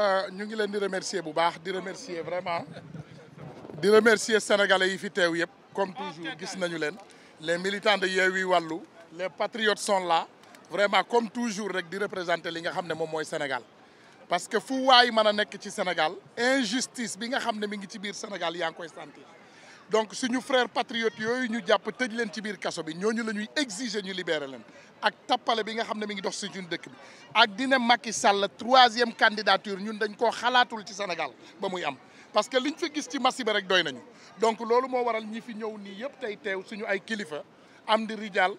Euh, ñu ngi leen di remercier bu baax di remercier vraiment di remercier sénégalais yi fi teew yëpp comme toujours gis nañu leen les militants de Yewwi Wàllu les patriotes sont la vraiment comme toujours rek di représenter li nga xam ne moom mooy Sénégal parce que fu waay mën a nekk ci Sénégal injustice bi nga xam ne mi ngi ci biir Sénégal yaa ngi koy sentir donc suñu frère patriote yooyu ñu jàpp tëj leen ci biir kaso bi ñooñu la ñuy exiger ñu libérer leen ak tappale bi nga xam ne mi ngi dox si suñu dëkk bi ak dina Macky Sall troisième candidature ñun dañ koo xalaatul ci Sénégal ba muy am parce que liñ fi gis ci Massi ba rek doy nañu donc loolu moo waral ñi fi ñëw nii yëpp tey teew suñu ay kilifa am di rijal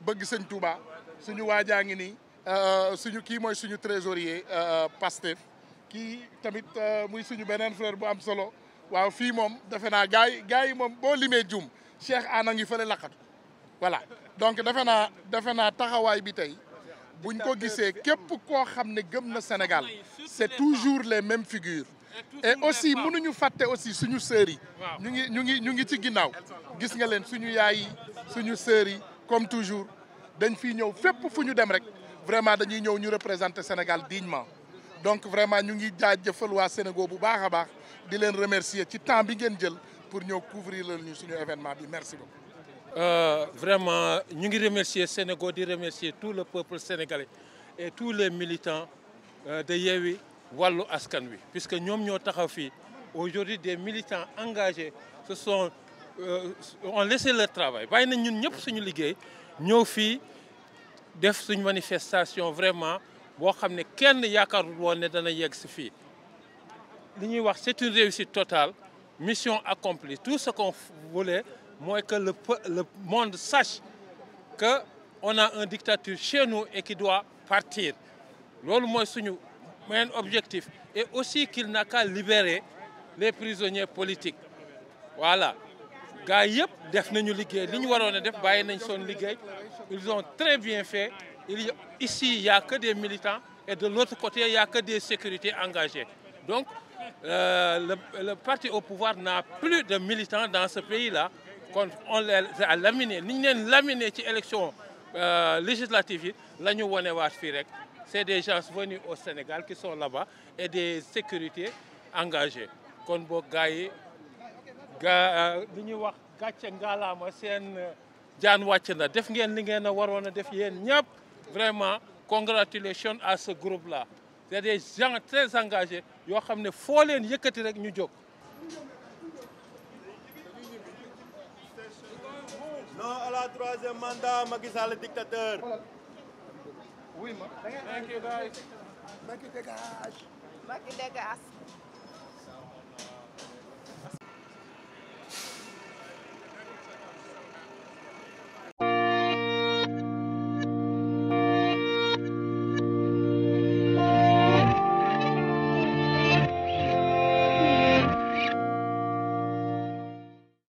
bëgg sëñ Touba suñu waajaa ngi nii euh, suñu kii mooy suñu trésorier euh, Pastef kii tamit euh, muy suñu beneen frère bu am solo waaw fii moom defe naa gars gars yi moom boo limee juum Cheikh Anna ngi fële laqatu voilà donc defe naa defe naa taxawaay bi tey buñ ko gisee képp koo xam ne gëm na Sénégal c'est toujours les même figures et aussi mënuñu fàtte aussi suñu sœurs yi ñu ngi ñu ngi ñu ngi ci ginnaaw gis nga leen suñu yaay yi suñu sœurs yi comme toujours dañ fiy ñëw fépp fu ñu dem rek vraiment dañuy ñëw ñu représenter Sénégal dignement donc vraiment ñu ngi jaajëfal waa Sénégal bu baax a baax di leen remercier ci temps bi ngeen jël pour ñëw couvrir la ñu suñu événement bi merci beaucoup. Euh, vraiment ñu ngi remercier Sénégal di remercier tout le peuple sénégalais et tous les militants euh, de Yewwi wàllu askan wi puisque ñoom ñoo taxaw fii aujourd'hui des militants engagés se sont euh, ont laissé leur travail bàyyi nañ ñun ñëpp suñu liggéey ñëw fii def suñu manifestation vraiment. boo xam ne kenn yaakaar woon ne dana yegg si fii li ñuy wax c'est une réussite totale mission accomplie tout ce qu'on voulait mooy que le le monde sache que on a un dictature chez nous et qui doit partir loolu mooy suñu main objectif et aussi qu'il n'a qu'à libérer les prisonniers politiques voilà gars yëpp def nañu liggéey li ñu waroon a def bàyyi nañ son liggéey ils ont très bien fait Il y a, ici, des militants et de l'autre côté, il n'y a que des sécurités engagées. Donc, euh, le, le, parti au pouvoir n'a plus de militants dans ce pays-là. On, on les a laminés. Nous avons laminé les élections fii rek C'est des gens venus au Sénégal qui sont là-bas et des sécurités engagées. kon boo gars yi ga euh, ñuy wax gàcce ngaalaama seen euh, jaan wàcc na def ngeen li ngeen a waroon a def yéen ñëpp vraiment congratulations à ce groupe là c'est des gens très engagés yoo xam ne foo leen yëkkati rek ñu jóg. non à la troisième mandat Macky Sall dictateur. oui ma. Macky dégage. Macky dégage.